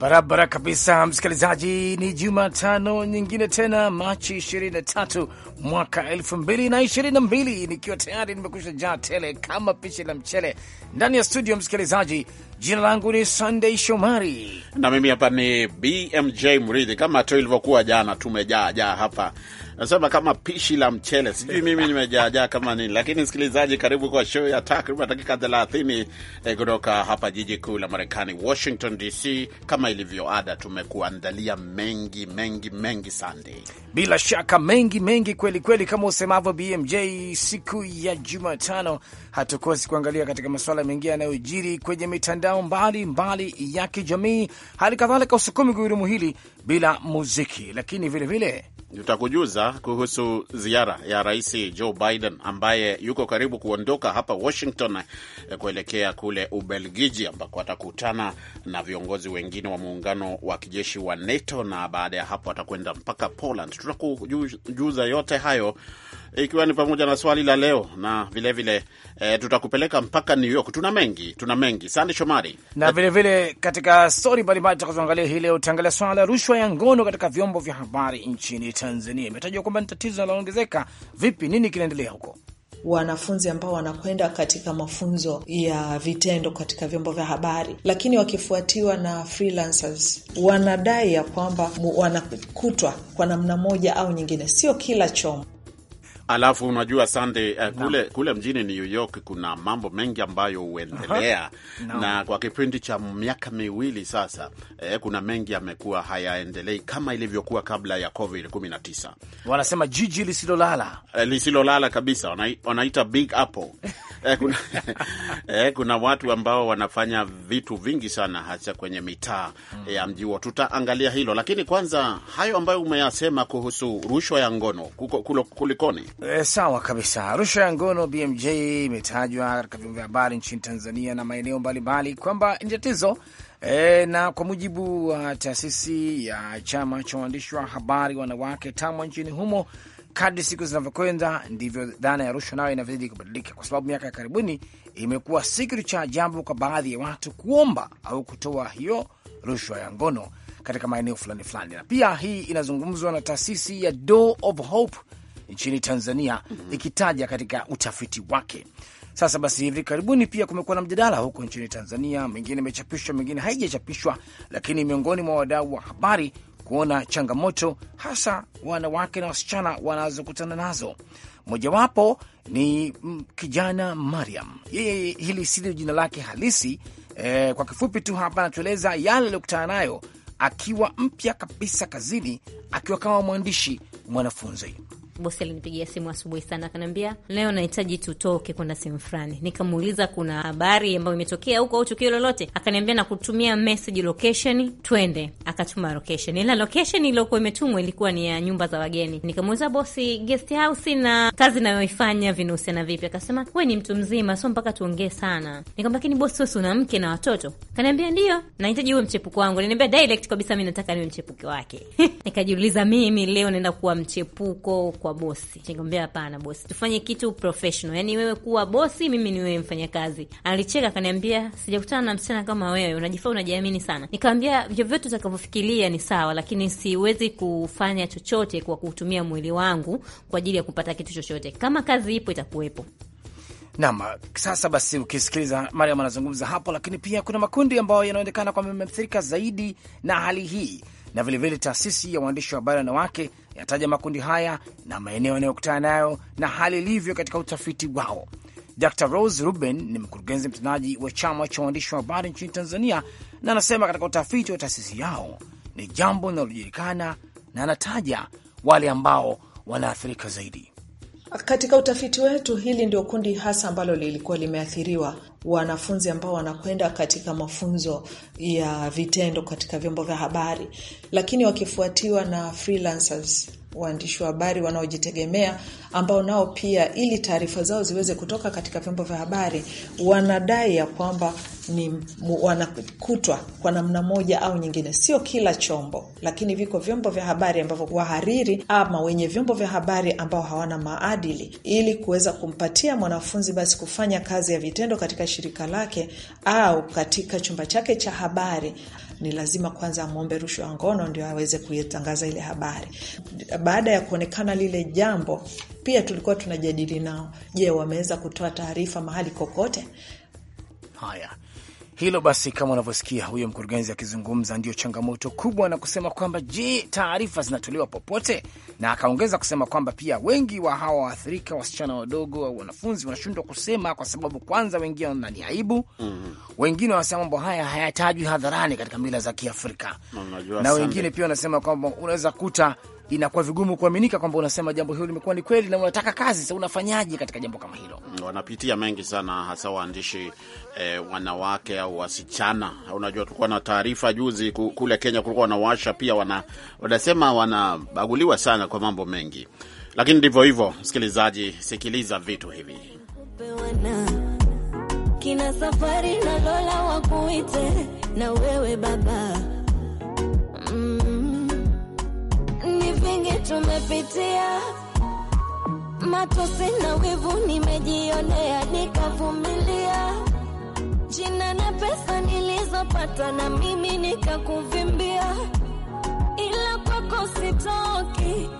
Barabara kabisa, msikilizaji, ni Jumatano nyingine tena, Machi 23 mwaka 2022, nikiwa tayari nimekusha jaa tele kama pishi la mchele ndani ya studio. Msikilizaji, jina langu ni Sunday Shomari na mimi hapa ni BMJ Mridhi. Kama tu ilivyokuwa jana, tumejaa jaa hapa Nasema kama pishi la mchele, sijui mimi nimejaajaa kama nini. Lakini msikilizaji, karibu kwa show ya takriban dakika 30 eh, kutoka hapa jiji kuu la Marekani, Washington DC. Kama ilivyo ada, tumekuandalia mengi mengi mengi, Sunday, bila shaka mengi mengi kweli kweli, kama usemavyo BMJ. Siku ya Jumatano hatukosi kuangalia katika masuala mengine yanayojiri kwenye mitandao mbalimbali ya kijamii, hali kadhalika usukumi gurudumu hili bila muziki, lakini vilevile tutakujuza kuhusu ziara ya Rais Joe Biden ambaye yuko karibu kuondoka hapa Washington eh, kuelekea kule Ubelgiji ambako atakutana na viongozi wengine wa muungano wa kijeshi wa NATO na baada ya hapo atakwenda mpaka Poland. Tutakujuza yote hayo ikiwa ni pamoja na swali la leo na vilevile vile, e, tutakupeleka mpaka New York. Tuna mengi, tuna mengi. Sande Shomari, na vilevile eh, vile, katika stori mbalimbali tutakazoangalia hii leo utaangalia swala la rushwa ya ngono katika vyombo vya habari nchini Tanzania. Imetajwa kwamba ni tatizo linaloongezeka. Vipi, nini kinaendelea huko? wanafunzi ambao wanakwenda katika mafunzo ya vitendo katika vyombo vya habari, lakini wakifuatiwa na freelancers, wanadai ya kwamba wanakutwa kwa namna moja au nyingine, sio kila chombo Alafu unajua Sande, uh, kule, kule mjini New York kuna mambo mengi ambayo huendelea no. Na kwa kipindi cha miaka miwili sasa eh, kuna mengi yamekuwa hayaendelei kama ilivyokuwa kabla ya Covid 19. Wanasema jiji lisilolala eh, lisilolala kabisa, wanaita Big Apple eh, kuna, eh, kuna watu ambao wanafanya vitu vingi sana hasa kwenye mitaa mm. ya mji huo. Tutaangalia hilo, lakini kwanza hayo ambayo umeyasema kuhusu rushwa ya ngono kuko, kulo, kulikoni? E, sawa kabisa. Rushwa ya ngono BMJ imetajwa katika vyombo vya habari nchini Tanzania na maeneo mbalimbali kwamba ni tatizo e, na kwa mujibu wa uh, taasisi ya chama cha waandishi wa habari wanawake TAMWA nchini humo, kadri siku zinavyokwenda ndivyo dhana ya rushwa nayo inavyozidi kubadilika, kwa sababu miaka ya karibuni imekuwa si kitu cha ajabu kwa baadhi ya watu kuomba au kutoa hiyo rushwa ya ngono katika maeneo fulani fulani, na pia hii inazungumzwa na taasisi ya Door of Hope nchini Tanzania mm -hmm. ikitaja katika utafiti wake. Sasa basi, hivi karibuni pia kumekuwa na mjadala huko nchini Tanzania, mengine imechapishwa, mengine haijachapishwa, lakini miongoni mwa wadau wa habari kuona changamoto hasa wanawake na wasichana wanazokutana nazo. Mojawapo ni mm, kijana Mariam, yeye hili sili jina lake halisi eh. Kwa kifupi tu hapa anatueleza yale aliyokutana nayo akiwa mpya kabisa kazini, akiwa kama mwandishi mwanafunzi bosi alinipigia simu asubuhi sana, akaniambia leo nahitaji tutoke kwenda sehemu fulani. Nikamuuliza kuna habari ambayo imetokea huko au tukio lolote, akaniambia nakutumia message location, twende. Akatuma location, ila location iliyokuwa imetumwa ilikuwa ni ya nyumba za wageni. Nikamuuliza bosi, guest house na kazi nayoifanya vinahusiana vipi? Akasema we ni mtu mzima, so mpaka tuongee sana. Nikamwambia lakini bosi, wewe una mke na watoto? Kaniambia ndio, nahitaji uwe mchepuko wangu. Aliniambia direct kabisa, mi nataka niwe mchepuko wake nikajiuliza mimi leo naenda kuwa mchepuko kwa bosi. Nikamwambia hapana bosi, tufanye kitu professional, yani wewe kuwa bosi, mimi ni wewe mfanyakazi. Alicheka akaniambia, sijakutana na msichana kama wewe, unajifaa, unajiamini sana. Nikamwambia vyovyote utakavyofikiria ni sawa, lakini siwezi kufanya chochote kwa kutumia mwili wangu kwa ajili ya kupata kitu chochote. Kama kazi ipo itakuwepo. Nam, sasa basi, ukisikiliza Mariam anazungumza hapo, lakini pia kuna makundi ambayo yanaonekana kwamba yameathirika zaidi na hali hii na vilevile taasisi ya waandishi wa habari wanawake yataja makundi haya na maeneo yanayokutana nayo na hali ilivyo katika utafiti wao. Dr Rose Ruben ni mkurugenzi mtendaji wa chama cha waandishi wa habari nchini Tanzania, na anasema katika utafiti wa taasisi yao ni jambo linalojulikana, na anataja wale ambao wanaathirika zaidi. Katika utafiti wetu, hili ndio kundi hasa ambalo lilikuwa limeathiriwa, wanafunzi ambao wanakwenda katika mafunzo ya vitendo katika vyombo vya habari, lakini wakifuatiwa na freelancers waandishi wa habari wanaojitegemea ambao nao pia ili taarifa zao ziweze kutoka katika vyombo vya habari wanadai ya kwamba ni wanakutwa kwa namna moja au nyingine. Sio kila chombo, lakini viko vyombo vya habari ambavyo wahariri ama wenye vyombo vya habari ambao hawana maadili, ili kuweza kumpatia mwanafunzi basi kufanya kazi ya vitendo katika shirika lake au katika chumba chake cha habari ni lazima kwanza amwombe rushwa ya ngono ndio aweze kuitangaza ile habari. Baada ya kuonekana lile jambo, pia tulikuwa tunajadili nao, je, wameweza kutoa taarifa mahali kokote? Haya, hilo basi, kama unavyosikia huyo mkurugenzi akizungumza, ndio changamoto kubwa, na kusema kwamba je, taarifa zinatolewa popote? Na akaongeza kusema kwamba pia wengi wa hawa waathirika, wasichana wadogo au wanafunzi, wanashindwa kusema kwa sababu kwanza, wengi wana ni aibu mm -hmm. Wengine wanasema mambo haya hayatajwi hadharani katika mila za Kiafrika na wengine pia wanasema kwamba unaweza kuta inakuwa vigumu kuaminika kwamba unasema jambo hilo limekuwa ni kweli na unataka kazi. Sasa unafanyaje katika jambo kama hilo? Mm, wanapitia mengi sana, hasa waandishi eh, wanawake au wasichana. Unajua, tulikuwa na taarifa juzi kule Kenya, kulikuwa wanawasha pia wana, wanasema wanabaguliwa sana kwa mambo mengi, lakini ndivyo hivyo. Msikilizaji, sikiliza vitu hivi kina safari na Lola wakuite na wewe baba vingi tumepitia, matosi na wivu nimejionea, nikavumilia. Jina na pesa nilizopata na mimi nikakuvimbia, ila kwako sitoki,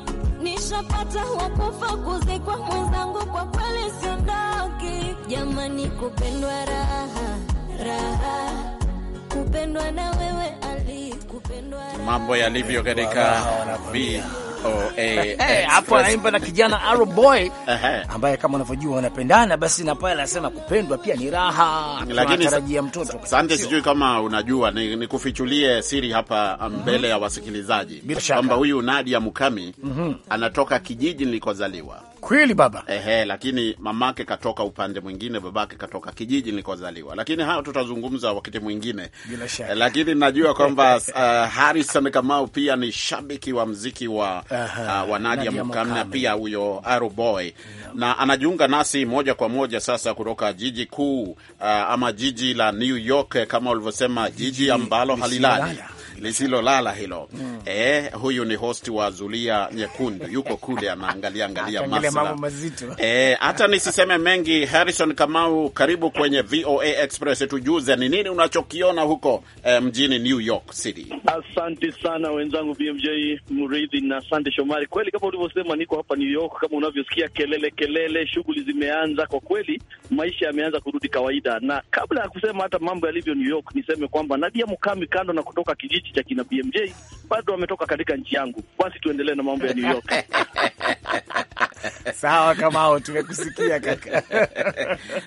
nishapata wakufa kuzikwa mwenzangu, kwa kweli siondoki. Jamani, kupendwa raha raha, kupendwa na wewe mambo yalivyo katika hapo anaimba na kijana Aroboy ambaye kama unavyojua wanapendana, basi na pale anasema kupendwa pia ni raha, lakini mtoto sante. Sijui kama unajua, nikufichulie ni siri hapa um, mhm. mbele mm -hmm. ya wasikilizaji kwamba huyu Nadia Mukami mm -hmm. anatoka kijiji nilikozaliwa Kweli baba. Ehe, lakini mamake katoka upande mwingine, babake katoka kijiji nilikozaliwa, lakini hayo tutazungumza wakati mwingine, bila shaka. Eh, lakini najua kwamba uh, Harrison Kamau pia ni shabiki wa mziki wa, uh, wa Nadia Mukami pia huyo Arrow Boy yeah. Na anajiunga nasi moja kwa moja sasa kutoka jiji kuu uh, ama jiji la New York kama ulivyosema, jiji ambalo halilali lisilolala hilo mm. Eh, huyu ni host wa Zulia Nyekundu, yuko kule anaangalia angalia mambo mazito eh, hata nisiseme mengi. Harrison Kamau, karibu kwenye VOA Express, tujuze ni nini unachokiona huko eh, mjini New York City. Asante sana wenzangu BMJ mridhi na asante Shomari. Kweli kama ulivyosema, niko hapa New York, kama unavyosikia kelele kelele, shughuli zimeanza kwa kweli, maisha yameanza kurudi kawaida, na kabla ya kusema hata mambo yalivyo New York, niseme kwamba Nadia Mukami kando na kutoka kijiji kiti cha kina BMJ bado wametoka katika nchi yangu. Basi tuendelee na mambo ya New York. Sawa Kamau, tumekusikia kaka.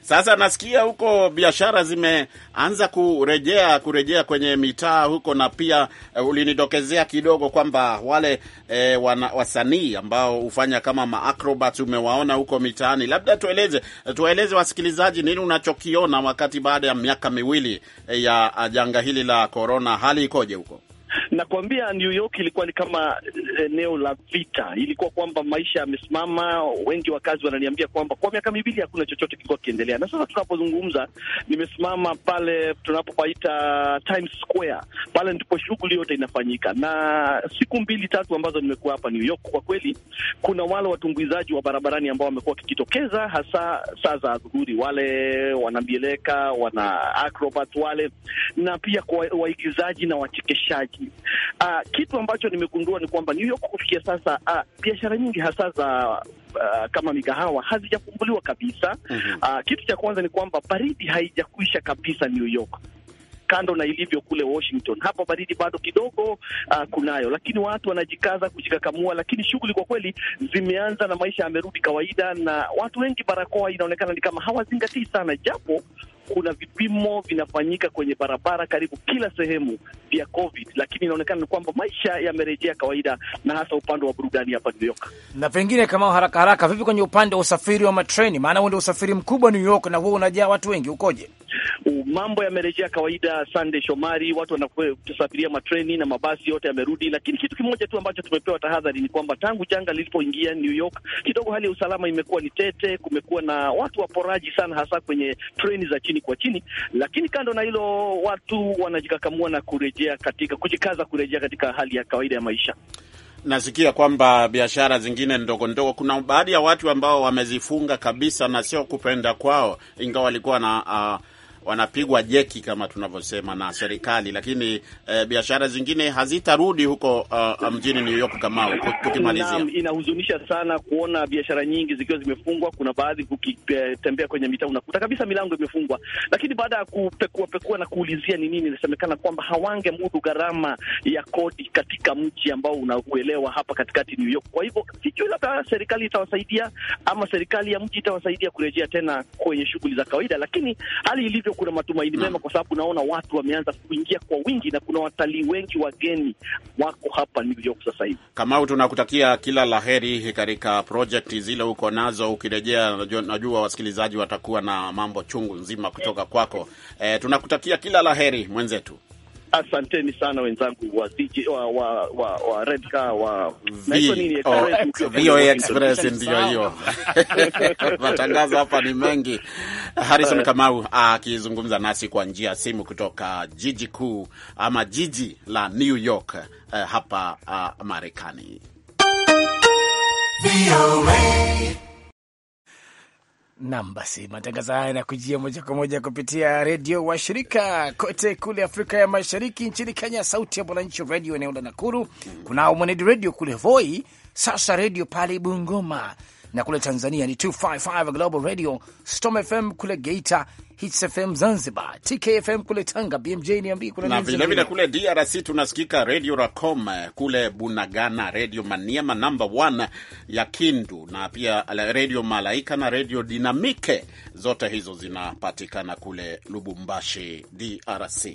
Sasa nasikia huko biashara zimeanza kurejea kurejea kwenye mitaa huko, na pia eh, ulinidokezea kidogo kwamba wale e, wasanii ambao hufanya kama maacrobat umewaona huko mitaani. Labda tueleze tuwaeleze wasikilizaji nini unachokiona wakati baada ya miaka miwili eh, ya janga hili la korona, hali ikoje huko? Nakwambia New York ilikuwa ni kama eneo la vita, ilikuwa kwamba maisha yamesimama. Wengi wakazi wananiambia kwamba kwa miaka miwili hakuna chochote kilikuwa kiendelea, na sasa tunapozungumza, nimesimama pale tunapopaita Times Square, pale ndipo shughuli yote inafanyika. Na siku mbili tatu ambazo nimekuwa hapa New York, kwa kweli kuna wale watumbuizaji wa barabarani ambao wamekuwa wakijitokeza, hasa saa za adhuhuri, wale wanambieleka, wana acrobat wale, na pia kwa waigizaji na wachekeshaji Uh, kitu ambacho nimegundua ni kwamba New York kufikia sasa uh, biashara nyingi hasa za uh, kama migahawa hazijafumbuliwa kabisa. mm -hmm. Uh, kitu cha kwanza ni kwamba baridi haijakwisha kabisa New York kando na ilivyo kule Washington, hapa baridi bado kidogo uh, kunayo, lakini watu wanajikaza kujikakamua, lakini shughuli kwa kweli zimeanza na maisha yamerudi kawaida, na watu wengi barakoa inaonekana ni kama hawazingatii sana, japo kuna vipimo vinafanyika kwenye barabara karibu kila sehemu vya COVID, lakini inaonekana ni kwamba maisha yamerejea kawaida, na hasa upande wa burudani hapa New York. Na pengine kama haraka haraka, vipi kwenye upande wa usafiri wa matreni? Maana huo ndio usafiri mkubwa New York, na huo unajaa watu wengi, ukoje? Mambo yamerejea kawaida, Sande Shomari, watu wanasafiria matreni na mabasi yote yamerudi, lakini kitu kimoja tu ambacho tumepewa tahadhari ni kwamba tangu janga lilipoingia New York kidogo hali ya usalama imekuwa ni tete. Kumekuwa na watu waporaji sana, hasa kwenye treni za chini kwa chini, lakini kando na hilo, watu wanajikakamua na kurejea katika kujikaza kurejea katika hali ya kawaida ya maisha. Nasikia kwamba biashara zingine ndogo ndogo, kuna baadhi ya watu ambao wamezifunga kabisa, na sio kupenda kwao, ingawa walikuwa na uh, wanapigwa jeki kama tunavyosema na serikali, lakini eh, biashara zingine hazitarudi huko uh, um, mjini New York. Kamao, tukimalizia, inahuzunisha sana kuona biashara nyingi zikiwa zimefungwa. Kuna baadhi ukitembea eh, kwenye mitaa unakuta kabisa milango imefungwa, lakini baada ya kupekua pekua na kuulizia ni nini, inasemekana kwamba hawange mudu gharama ya kodi katika mji ambao unauelewa hapa katikati New York. Kwa hivyo sijui labda serikali itawasaidia ama serikali ya mji itawasaidia kurejea tena kwenye shughuli za kawaida, lakini hali ilivyo Sio kuna matumaini mema, kwa sababu naona watu wameanza kuingia kwa wingi na kuna watalii wengi wageni wako hapa New York sasa hivi. Kamau, tunakutakia kila la heri katika projekti zile uko nazo. Ukirejea, najua wasikilizaji watakuwa na mambo chungu nzima kutoka kwako. E, tunakutakia kila la heri mwenzetu. Asanteni sana wenzangu wa DJ, wa wa wa, wa Red Car wa VOA oh, Express ndio hiyo. Matangazo hapa ni mengi. Harrison eh. Kamau akizungumza nasi kwa njia ya simu kutoka jiji kuu ama jiji la New York eh, hapa ah, Marekani. Nam, basi matangazo haya yanakujia moja kwa moja kupitia redio wa shirika kote kule Afrika ya Mashariki. Nchini Kenya, Sauti ya Mwananchi redio eneo la Nakuru, kunao Mwenedi redio kule Voi, sasa redio pale Bungoma, na kule Tanzania ni 255 Global Radio, Storm FM kule Geita, Hits FM Zanzibar, TKFM kule Tanga, BMJ niambi kuna na vilevile kule DRC tunasikika Radio Racom eh, kule Bunagana, Radio Maniema namba 1 ya Kindu, na pia Radio Malaika na Radio Dinamike, zote hizo zinapatikana kule Lubumbashi, DRC.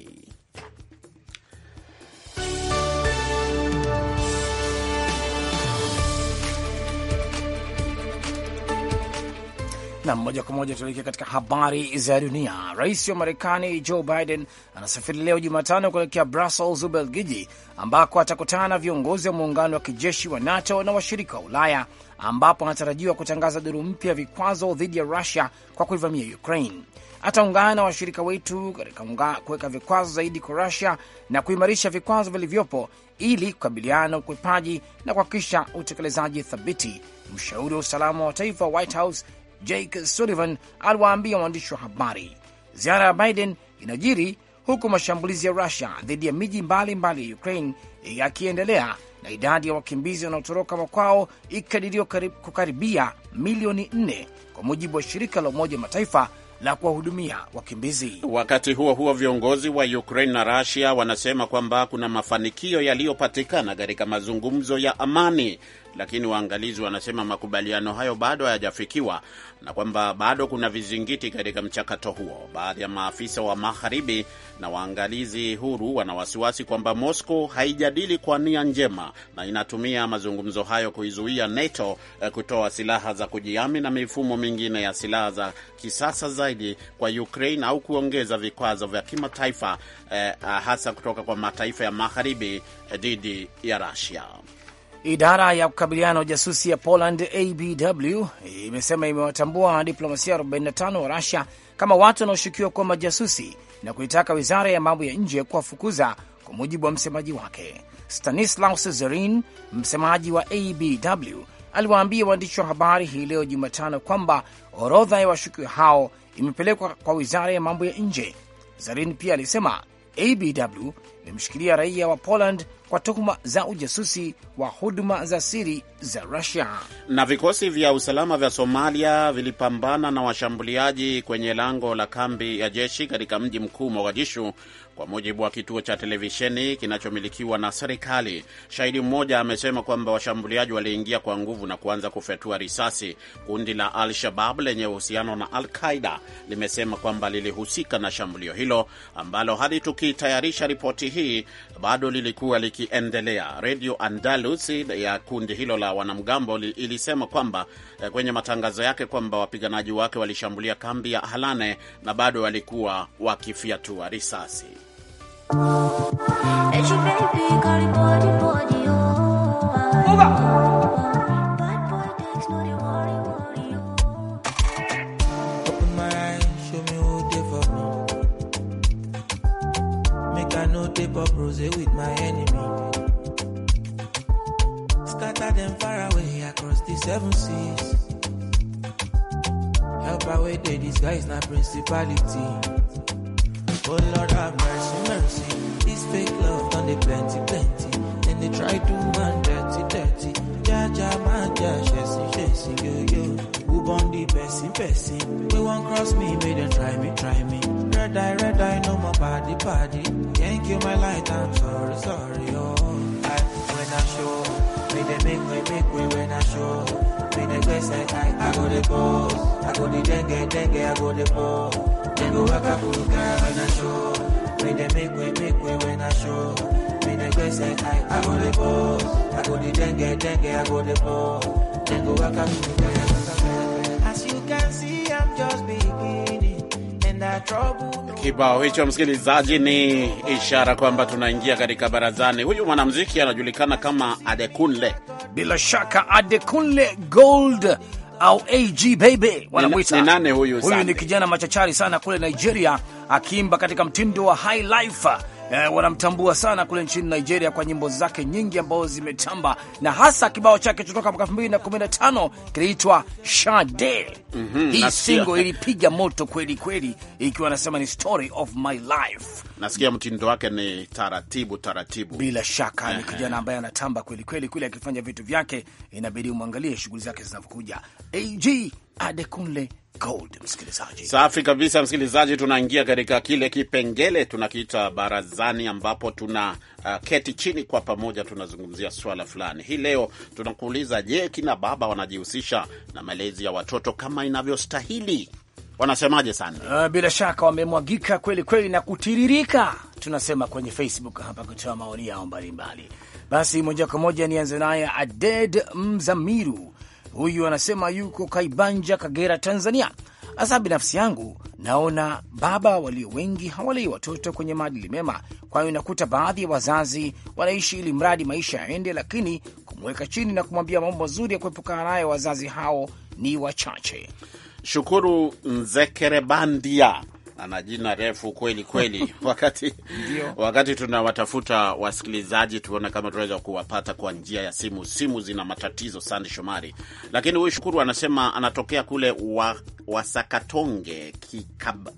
Na moja kwa moja tuelekea katika habari za dunia. Rais wa Marekani Joe Biden anasafiri leo Jumatano kuelekea Brussels, Ubelgiji, ambako atakutana na viongozi wa muungano wa kijeshi wa NATO na washirika wa Ulaya, ambapo anatarajiwa kutangaza duru mpya ya vikwazo dhidi ya Rusia kwa kuivamia Ukraine. Ataungana na washirika wetu katika kuweka vikwazo zaidi kwa Rusia na kuimarisha vikwazo vilivyopo ili kukabiliana na ukwepaji na kuhakikisha utekelezaji thabiti, mshauri wa usalama wa taifa White House Jake Sullivan aliwaambia waandishi wa habari. Ziara ya Biden inajiri huku mashambulizi ya Rusia dhidi ya miji mbalimbali ya Ukraine yakiendelea na idadi ya wakimbizi wanaotoroka makwao ikikadiriwa kukaribia milioni nne kwa mujibu wa shirika la Umoja wa Mataifa la kuwahudumia wakimbizi. Wakati huo huo, viongozi wa Ukraine na Russia wanasema kwamba kuna mafanikio yaliyopatikana katika mazungumzo ya amani lakini waangalizi wanasema makubaliano hayo bado hayajafikiwa na kwamba bado kuna vizingiti katika mchakato huo. Baadhi ya maafisa wa magharibi na waangalizi huru wana wasiwasi kwamba Moscow haijadili kwa nia njema na inatumia mazungumzo hayo kuizuia NATO eh, kutoa silaha za kujiami na mifumo mingine ya silaha za kisasa zaidi kwa Ukraine au kuongeza vikwazo vya kimataifa eh, hasa kutoka kwa mataifa ya magharibi eh, dhidi ya Russia. Idara ya kukabiliana na ujasusi ya Poland, ABW, imesema imewatambua wanadiplomasia 45 wa Rusia kama watu wanaoshukiwa kuwa majasusi na kuitaka wizara ya mambo ya nje kuwafukuza, kwa mujibu wa msemaji wake Stanislaus Zerin. Msemaji wa ABW aliwaambia waandishi wa habari hii leo Jumatano kwamba orodha ya washukiwa hao imepelekwa kwa wizara ya mambo ya nje. Zerin pia alisema ABW imemshikilia raia wa Poland kwa tuhuma za ujasusi wa huduma za siri za Rusia. Na vikosi vya usalama vya Somalia vilipambana na washambuliaji kwenye lango la kambi ya jeshi katika mji mkuu Mogadishu, kwa mujibu wa kituo cha televisheni kinachomilikiwa na serikali. Shahidi mmoja amesema kwamba washambuliaji waliingia kwa nguvu na kuanza kufyatua risasi. Kundi la Al-Shabab lenye uhusiano na Al-Qaida limesema kwamba lilihusika na shambulio hilo ambalo hadi tukitayarisha ripoti hii bado lilikuwa likiendelea, redio Andalus ya kundi hilo la wanamgambo ilisema kwamba eh, kwenye matangazo yake kwamba wapiganaji wake walishambulia kambi ya Halane na bado walikuwa wakifyatua risasi. Tape up rose with my enemy. Scatter them far away across the seven seas. Help away they disguise not principality. Oh Lord have mercy, mercy. This fake love done the plenty, plenty. And they try to man dirty, dirty. Jaja, maja, shesi, shesi, yo, yo. Who born the in person? We won't cross me, may they try me, try me red eye, red eye, no more body, body. Thank you, my light, I'm sorry, sorry, oh. I, when I show, may they make me, make me when I show. May they go say, I, I go the pose. I go the dengue, dengue, I go the pole. Then go work a look at when I show. May they make me, make me when I show. May they go say, I, I go the pose. I go the dengue, dengue, I go the pole. Then go work a look at As you can see, I'm just being Kibao hicho msikilizaji, ni ishara kwamba tunaingia katika barazani. Huyu mwanamuziki anajulikana kama Adekunle, bila shaka Adekunle Gold au AG baby wanamwita. Ni nane huyu? Huyu ni kijana machachari sana kule Nigeria, akiimba katika mtindo wa high life eh, wanamtambua sana kule nchini Nigeria kwa nyimbo zake nyingi ambazo zimetamba na hasa kibao chake kutoka mwaka 2015 kiliitwa Shade. mm -hmm, hii singo ilipiga moto kweli kweli, ikiwa anasema ni story of my life. Nasikia mtindo wake ni taratibu taratibu, bila shaka ni kijana ambaye anatamba kweli kweli kule akifanya vitu vyake, inabidi umwangalie shughuli zake zinavyokuja. AG Adekunle Gold, msikilizaji. Safi kabisa msikilizaji, tunaingia katika kile kipengele tunakiita barazani, ambapo tuna uh, keti chini kwa pamoja, tunazungumzia swala fulani. Hii leo tunakuuliza, je, kina baba wanajihusisha na malezi ya watoto kama inavyostahili? Wanasemaje sana? Uh, bila shaka wamemwagika kweli kweli na kutiririka, tunasema kwenye Facebook hapa kutoa maoni yao mbalimbali. Basi moja kwa moja nianze naye Aded Mzamiru Huyu anasema yuko Kaibanja, Kagera, Tanzania. Hasa binafsi yangu naona baba walio wengi hawalei watoto kwenye maadili mema, kwayo inakuta baadhi ya wazazi wanaishi ili mradi maisha yaende, lakini kumweka chini na kumwambia mambo mazuri ya kuepukana nayo wazazi hao ni wachache. Shukuru Nzekere Bandia ana jina refu kweli kweli. Wakati wakati tunawatafuta wasikilizaji, tuone kama tunaweza kuwapata kwa njia ya simu. Simu zina matatizo, Sande Shomari. Lakini huyu Shukuru anasema anatokea kule wa, Wasakatonge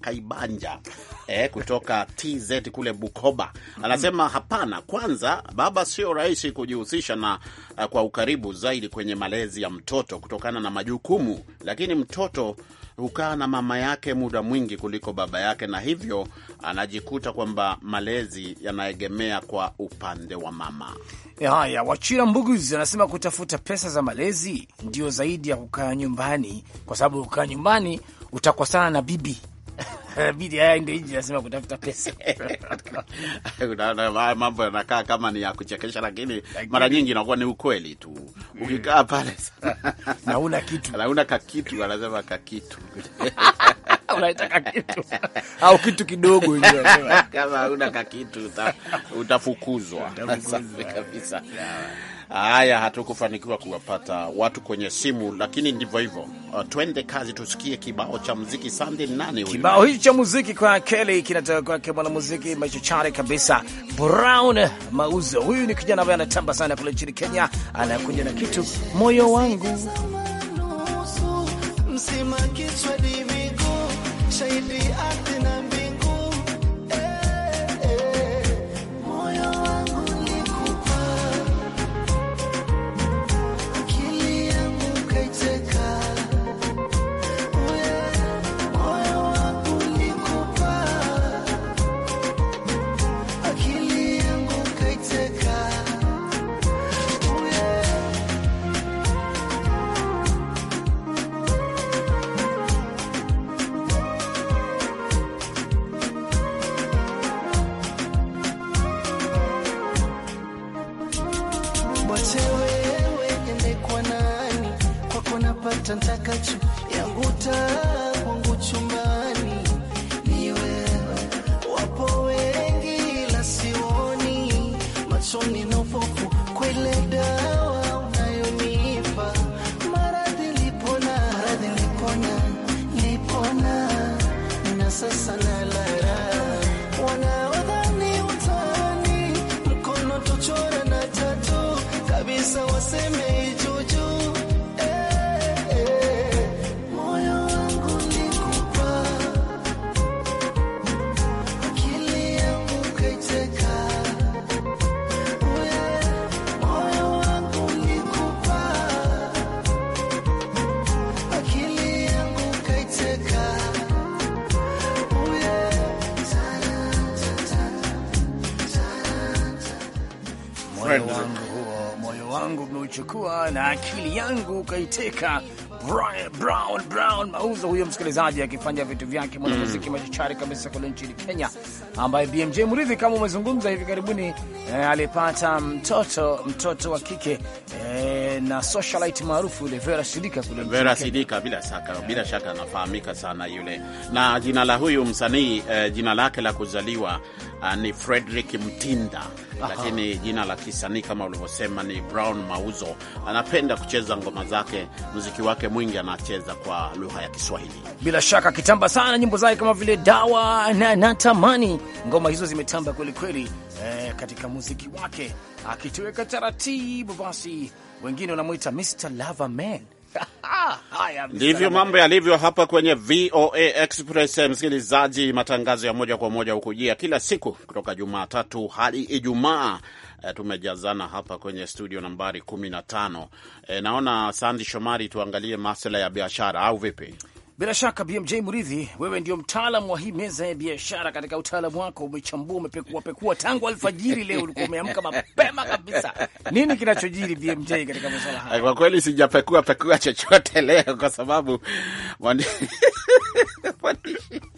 Kaibanja eh, kutoka TZ kule Bukoba. Anasema hapana, kwanza baba sio rahisi kujihusisha na eh, kwa ukaribu zaidi kwenye malezi ya mtoto kutokana na majukumu lakini mtoto hukaa na mama yake muda mwingi kuliko baba yake, na hivyo anajikuta kwamba malezi yanaegemea kwa upande wa mama. Haya, Wachira Mbuguz anasema kutafuta pesa za malezi ndio zaidi ya kukaa nyumbani, kwa sababu kukaa nyumbani utakosana na bibi inabidi aende nje, lazima kutafuta pesa. Unaona mambo yanakaa kama ni ya kuchekesha, lakini mara nyingi inakuwa ni ukweli tu. Mm. Ukikaa pale na una kitu, una kakitu, anasema kakitu unaitaka kitu au kitu kidogo kama una kakitu utafukuzwa kabisa. Haya, hatukufanikiwa kuwapata watu kwenye simu, lakini ndivyo hivyo. Uh, twende kazi, tusikie kibao cha muziki. Sande, nani huyu? Kibao hicho cha muziki kwa Kelly kinatoka kwake mwanamuziki machochare kabisa Brown Mauzo. Huyu ni kijana ambaye anatamba sana kule nchini Kenya, anakuja na kitu moyo wangu msima kichwa dimiko atina na akili yangu ukaiteka. Brown Brown mauzo huyo msikilizaji, akifanya vitu vyake, mwanamuziki mm. machachari kabisa kule nchini Kenya, ambaye BMJ Mridhi kama umezungumza hivi karibuni eh, alipata mtoto mtoto wa kike eh, na socialite maarufu yule Vera Sidika kule. Vera Sidika bila shaka, bila shaka anafahamika sana yule, na jina la huyu msanii eh, jina lake la kuzaliwa uh, ni Frederick Mtinda Aha. Lakini jina la kisanii kama ulivyosema ni Brown Mauzo. Anapenda kucheza ngoma zake, muziki wake mwingi anacheza kwa lugha ya Kiswahili. Bila shaka kitamba sana nyimbo zake kama vile dawa na natamani, ngoma hizo zimetamba kwelikweli eh, katika muziki wake akitoweka taratibu, basi wengine wanamwita Mr Lava Man. Ndivyo mambo yalivyo hapa kwenye VOA Express, eh, msikilizaji. Matangazo ya moja kwa moja hukujia kila siku kutoka Jumatatu hadi Ijumaa. E, tumejazana hapa kwenye studio nambari 15. E, eh, naona Sandi Shomari, tuangalie masuala ya biashara au vipi? Bila shaka BMJ Muridhi, wewe ndio mtaalam wa hii meza ya biashara. Katika utaalamu wako umechambua, umepekuapekua tangu alfajiri leo, ulikuwa umeamka mapema kabisa. Nini kinachojiri BMJ katika masuala haya? Kwa kweli sijapekua pekua chochote leo kwa sababu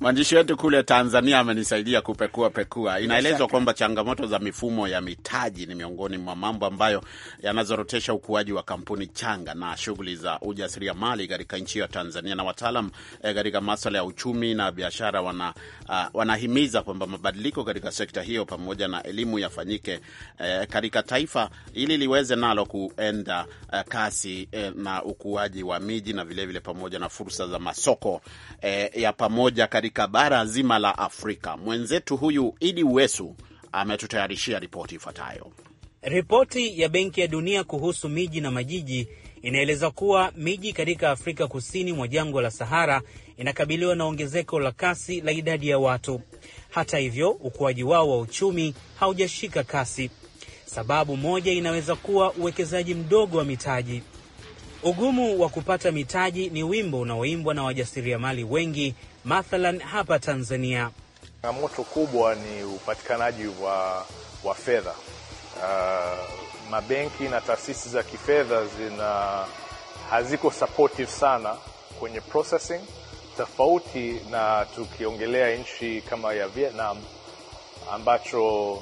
Mwandishi wetu kule Tanzania amenisaidia kupekua pekua. Inaelezwa kwamba changamoto za mifumo ya mitaji ni miongoni mwa mambo ambayo yanazorotesha ukuaji wa kampuni changa na shughuli za ujasiriamali katika nchi ya Tanzania, na wataalam eh, katika e, maswala ya uchumi na biashara wana, uh, wanahimiza kwamba mabadiliko katika sekta hiyo pamoja na elimu yafanyike eh, katika taifa ili liweze nalo kuenda eh, kasi e, na ukuaji wa miji na vilevile vile pamoja na fursa za masoko e, ya pamoja moja katika bara zima la Afrika. Mwenzetu huyu Idi Uwesu ametutayarishia ripoti ifuatayo. Ripoti ya Benki ya Dunia kuhusu miji na majiji inaeleza kuwa miji katika Afrika kusini mwa jangwa la Sahara inakabiliwa na ongezeko la kasi la idadi ya watu. Hata hivyo, ukuaji wao wa uchumi haujashika kasi. Sababu moja inaweza kuwa uwekezaji mdogo wa mitaji. Ugumu wa kupata mitaji ni wimbo unaoimbwa na wajasiriamali wengi mathalan hapa Tanzania. Changamoto kubwa ni upatikanaji wa, wa fedha. Uh, mabenki na taasisi za kifedha zina haziko supportive sana kwenye processing, tofauti na tukiongelea nchi kama ya Vietnam ambacho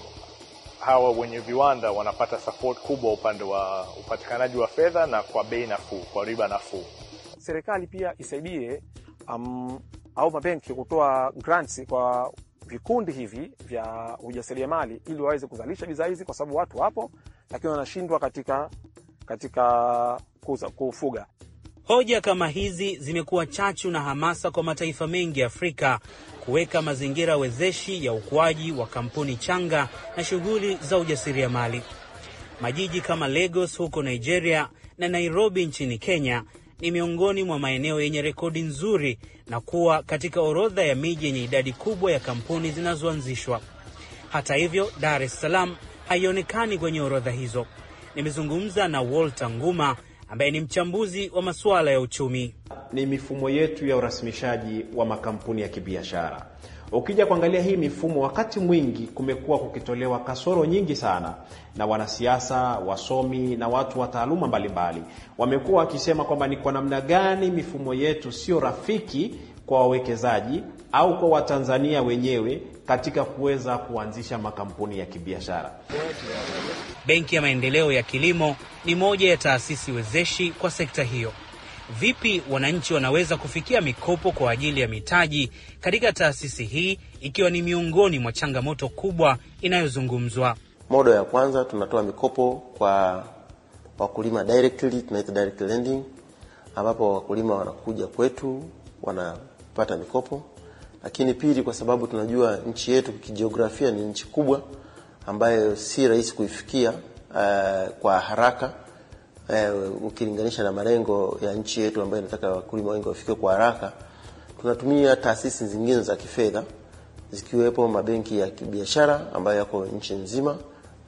hawa wenye viwanda wanapata support kubwa upande wa upatikanaji wa fedha na kwa bei nafuu, kwa riba nafuu. Serikali pia isaidie um, au mabenki kutoa grants kwa vikundi hivi vya ujasiriamali ili waweze kuzalisha bidhaa hizi, kwa sababu watu wapo, lakini wanashindwa katika, katika kuza, kufuga. Hoja kama hizi zimekuwa chachu na hamasa kwa mataifa mengi ya Afrika kuweka mazingira wezeshi ya ukuaji wa kampuni changa na shughuli za ujasiriamali. Majiji kama Lagos huko Nigeria na Nairobi nchini Kenya ni miongoni mwa maeneo yenye rekodi nzuri na kuwa katika orodha ya miji yenye idadi kubwa ya kampuni zinazoanzishwa. Hata hivyo, Dar es Salaam haionekani kwenye orodha hizo. Nimezungumza na Walter Nguma ambaye ni mchambuzi wa masuala ya uchumi. Ni mifumo yetu ya urasimishaji wa makampuni ya kibiashara Ukija kuangalia hii mifumo, wakati mwingi kumekuwa kukitolewa kasoro nyingi sana, na wanasiasa, wasomi na watu wa taaluma mbalimbali wamekuwa wakisema kwamba ni kwa namna gani mifumo yetu sio rafiki kwa wawekezaji au kwa Watanzania wenyewe katika kuweza kuanzisha makampuni ya kibiashara. Benki ya Maendeleo ya Kilimo ni moja ya taasisi wezeshi kwa sekta hiyo vipi wananchi wanaweza kufikia mikopo kwa ajili ya mitaji katika taasisi hii, ikiwa ni miongoni mwa changamoto kubwa inayozungumzwa. Modo ya kwanza tunatoa mikopo kwa wakulima directly, tunaita direct lending, ambapo wakulima wanakuja kwetu wanapata mikopo. Lakini pili, kwa sababu tunajua nchi yetu kijiografia ni nchi kubwa ambayo si rahisi kuifikia uh, kwa haraka eh, ukilinganisha na malengo ya nchi yetu ambayo inataka wakulima wengi wafike kwa haraka, tunatumia taasisi zingine za kifedha zikiwepo mabenki ya kibiashara ambayo yako nchi nzima,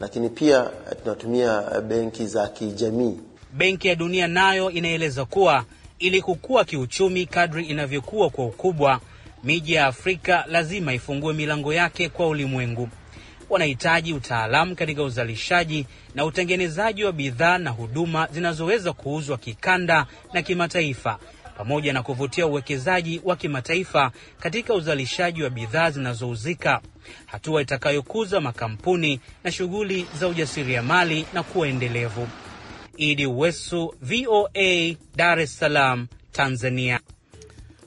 lakini pia tunatumia benki za kijamii. Benki ya Dunia nayo inaeleza kuwa ili kukua kiuchumi kadri inavyokuwa kwa ukubwa, miji ya Afrika lazima ifungue milango yake kwa ulimwengu wanahitaji utaalamu katika uzalishaji na utengenezaji wa bidhaa na huduma zinazoweza kuuzwa kikanda na kimataifa pamoja na kuvutia uwekezaji wa kimataifa katika uzalishaji wa bidhaa zinazouzika, hatua itakayokuza makampuni na shughuli za ujasiriamali na kuwa endelevu. Idi Wesu, VOA, Dar es Salaam, Tanzania.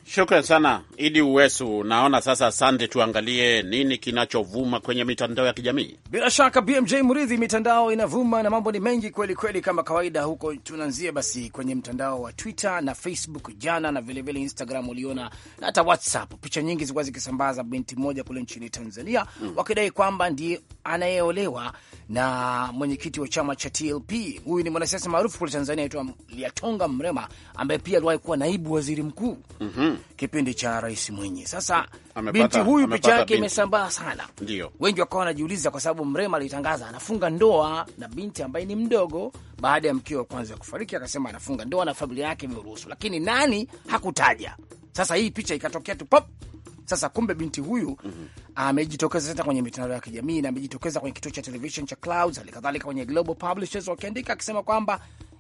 Shukran sana Idi Uwesu. Naona sasa, asante. Tuangalie nini kinachovuma kwenye mitandao ya kijamii. Bila shaka, BMJ Mridhi, mitandao inavuma na mambo ni mengi kweli kweli, kama kawaida. Huko tunaanzia basi kwenye mtandao wa Twitter na Facebook jana, na vilevile vile Instagram uliona na hata WhatsApp, picha nyingi zilikuwa zikisambaza binti mmoja kule nchini Tanzania mm, wakidai kwamba ndiye anayeolewa na mwenyekiti wa chama cha TLP. Huyu ni mwanasiasa maarufu kule Tanzania aitwa Liatonga Mrema, ambaye pia aliwahi kuwa naibu waziri mkuu mm -hmm kipindi cha Rais Mwinyi. Sasa amepata, binti huyu picha yake imesambaa sana, ndio wengi wakawa wanajiuliza, kwa sababu Mrema alitangaza anafunga ndoa na binti ambaye ni mdogo, baada ya mkio wa kwanza kufariki, akasema anafunga ndoa na familia yake imeruhusu, lakini nani hakutaja. Sasa hii picha ikatokea tu pop sasa kumbe binti huyu mm -hmm. amejitokeza tena kwenye mitandao ya kijamii na amejitokeza kwenye kituo cha television cha Clouds, hali kwenye Global Publishers, wakiandika akisema kwamba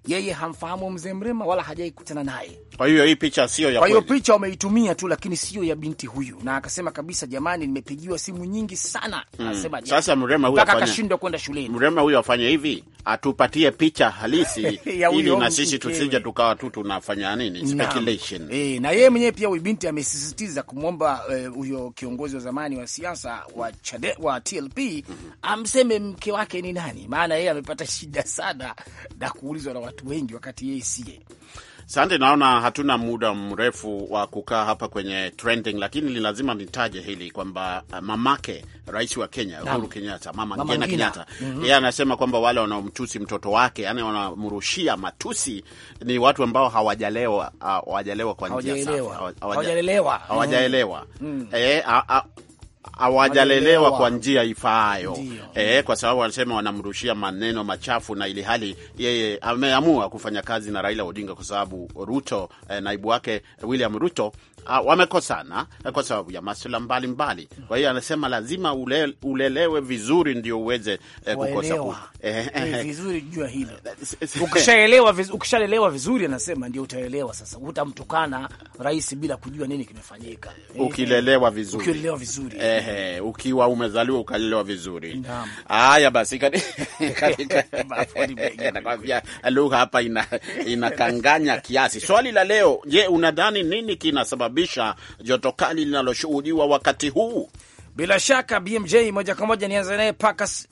yeye hamfahamu mzee Mrema wala hajai kutana naye. Kwa hiyo hii picha sio ya, kwa hiyo picha wameitumia tu, lakini sio ya binti huyu, na akasema kabisa, jamani, nimepigiwa simu nyingi sana Anasema hmm. sasa Mrema huyu afanye, akashindwa kwenda shuleni. Mrema huyu afanye hivi, atupatie picha halisi ili na sisi tusije tukawa tu tunafanya nini speculation e. Na yeye mwenyewe pia huyu binti amesisitiza kumwomba eh, huyo uh, kiongozi wa zamani wa siasa wa Chade, wa TLP mm -hmm. amseme mke wake ni nani, maana yeye amepata shida sana na kuulizwa na watu watu wengi, wakati yeye siye. Sante, naona hatuna muda mrefu wa kukaa hapa kwenye trending, lakini lazima nitaje hili kwamba uh, mamake rais wa Kenya Uhuru Kenyatta, mama Ngina Kenyatta, mm -hmm. anasema kwamba wale wanaomtusi mtoto wake, yani wanamrushia matusi ni watu ambao hawajalewa, uh, hawajalewa kwa njia safi, hawajaelewa mm. eh, hawajalelewa kwa njia ifaayo e, kwa sababu wanasema wanamrushia maneno machafu, na ili hali yeye ameamua kufanya kazi na Raila Odinga kwa sababu Ruto e, naibu wake William Ruto uh, wamekosana kwa sababu ya masuala mbalimbali. Kwa hiyo anasema lazima ule, ulelewe vizuri ndio uweze eh, kukosa ku, eh, eh, eh. vizuri jua hilo. Ukishaelewa vizuri, ukishaelewa vizuri anasema ndio utaelewa sasa, utamtukana rais bila kujua nini kimefanyika. Ukilelewa vizuri, ukilelewa vizuri eh, eh, ukiwa umezaliwa ukalelewa vizuri. Haya basi katika lugha hapa ina inakanganya kiasi. Swali la leo, je, unadhani nini kinasababisha kusababisha joto kali linaloshuhudiwa wakati huu. Bila shaka BMJ, moja kwa moja nianze naye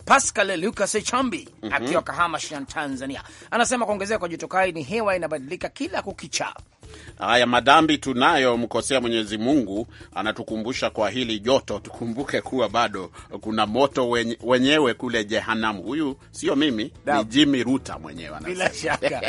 Pascal Lucas Chambi mm -hmm. akiwa Kahama, Tanzania, anasema kuongezeka kwa joto kali ni hewa inabadilika kila kukicha Haya madhambi mkosea Mwenyezi Mungu, anatukumbusha kwa hili joto, tukumbuke kuwa bado kuna moto wenye, wenyewe kule jehanamu. Huyu sio mimi da, ni Jimmy Ruta mwenyewe bila shaka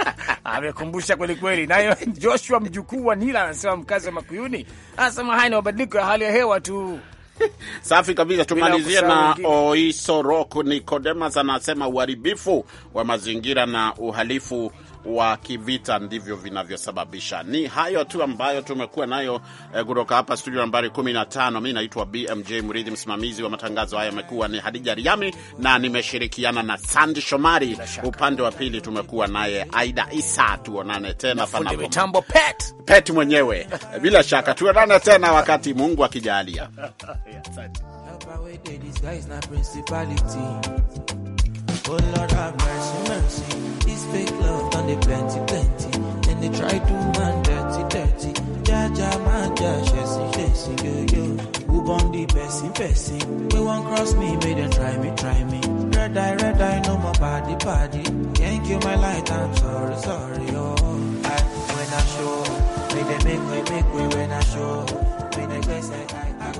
amekumbusha kwelikweli. Nayo Joshua mjukuu wa Nila anasema, mkazi wa Makuyuni anasema haya ni mabadiliko ya hali ya hewa tu. Safi kabisa. Tumalizie na Oisorok Nikodemas anasema uharibifu wa mazingira na uhalifu wa kivita ndivyo vinavyosababisha. Ni hayo tu ambayo tumekuwa nayo eh, kutoka hapa studio nambari 15. Mi naitwa BMJ Mridhi, msimamizi wa matangazo haya amekuwa ni Hadija Riami na nimeshirikiana na Sandi Shomari. Upande wa pili tumekuwa naye Aida Isa. Tuonane tena panapo pet, pet mwenyewe eh, bila shaka, tuonane tena wakati Mungu akijalia. Oh Lord have mercy, mercy. This fake love done they plenty, plenty. Then they try to man dirty, dirty. Jaja, man, jaja, shesi, shesi, yo, yo. Who born the person, person? We won't cross me, made them try me, try me. Red eye, red eye, no more body, body. Thank you, my light, I'm sorry, sorry, oh. I, when I show, make them make way, make way when I show. When I guess I